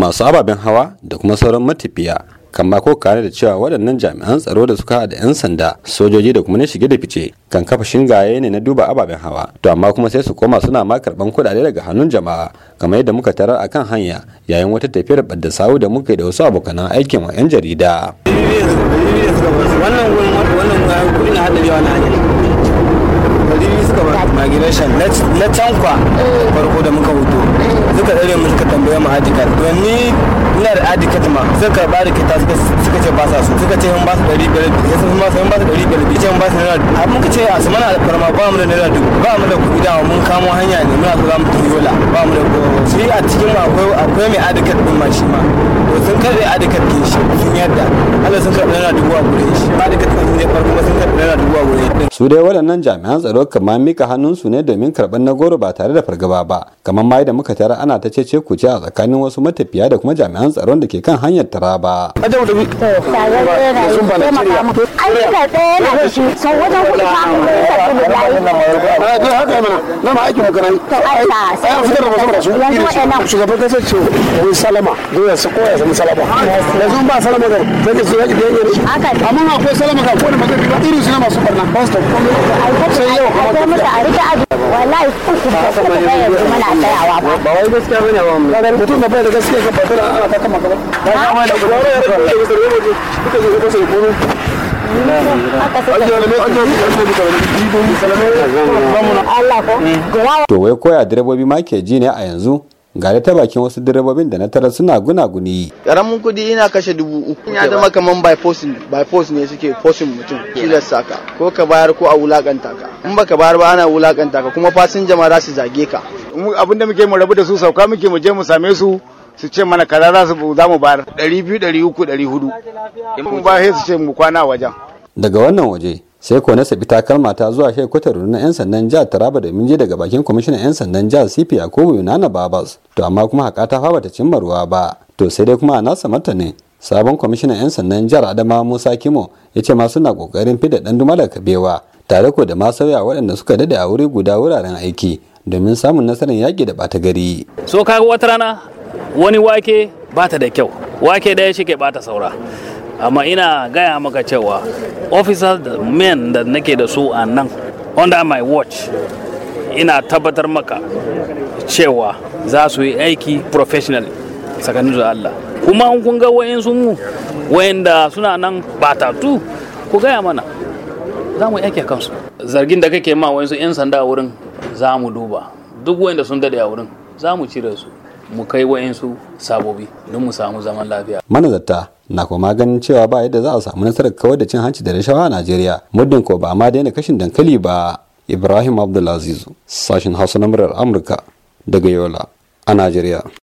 masu ababen hawa da kuma sauran matafiya kan ma ko kare da cewa waɗannan jami'an tsaro da suka da 'yan sanda sojoji da kuma na shige da fice kan kafa shingaye ne na duba ababen hawa to amma kuma sai su koma suna ma karɓan kuɗaɗe daga hannun jama'a kamar yadda muka tarar a kan hanya yayin wata tafiyar ɓadda sawu da muka yi da wasu abokanan aikin wa 'yan jarida. wannan wannan wannan wannan wannan wannan wannan migration na can kwa farko da muka hoto suka tsare mu suka tambaye mu adikat to ni ina da adikat ma suka karba adikata suka ce ba sa su suka ce mun ba su ɗari biyar ya sun ma sun ba su ɗari biyar ce in ba su naira a muka ce a su mana alfarma ba mu da naira dubu ba mu da kuɗi da mun kamo hanya ne muna so za mu tafi yola ba mu da kuɗi a cikin mu akwai akwai mai adikat din ma shi ma to sun karɓe adikat din shi sun yadda Allah sun karɓi naira dubu a ba shi adikat sun ne farko sun karɓi naira dubu a shi. su dai waɗannan jami'an tsaro kamar mika hannu su ne domin karban na goro ba tare da fargaba ba kamar ma da muka tara ana ta cece ku a tsakanin wasu matafiya da kuma jami'an tsaron da ke kan hanyar taraba. ta abu wallahi koya direbobi ma ke ji ne a yanzu gare ta bakin wasu direbobin da na tara suna gunaguni. Karamin kudi ina kashe dubu uku. Ya zama kaman by force by force ne suke forcing mutum Kila saka ko ka bayar ko a wulakanta ka. In baka bayar ba ana wulakanta ka kuma fasinja ma za su zage ka. Abin da muke mu rabu da su sauka muke mu je mu same su su ce mana kaza za su za mu bayar ɗari biyu ɗari uku ɗari hudu. In ba sai su ce mu kwana wajen. Daga wannan waje sai ko na sabi takalma ta zuwa shai kwatar na 'yan sandan jihar taraba domin je daga bakin kwamishinan 'yan sandan jihar cp yakubu yunana babas to amma kuma haka ta fa bata cimma ruwa ba to sai dai kuma a samarta ne sabon kwamishinan 'yan sandan jihar adama musa kimo ya ce ma suna kokarin fida dan dumala kabewa tare ko da ma sauya waɗanda suka dade a wuri guda wuraren aiki domin samun nasarar yaƙi da ɓata gari. so kaga wata rana wani wake bata da kyau wake ɗaya shi ke bata saura amma ina gaya maka cewa officer da men da nake da su a nan under my watch ina tabbatar maka cewa za su yi aiki professional tsakanin da Allah kuma kun ga wayansu mu wayanda suna nan batatu ku gaya mana za mu yi kansu zargin da kake ma wayansu 'yan sanda a wurin za mu duba duk wayanda sun dade a wurin za mu cire su mu kai wayansu sabobi don mu samu zaman lafiya manazarta na kuma ganin cewa ba yadda za a samu nasarar kawar da cin hanci da rashawa a Najeriya muddin ko ba ma daina kashin dankali ba Ibrahim Abdulaziz sashin Hausa na murar Amurka daga Yola a Najeriya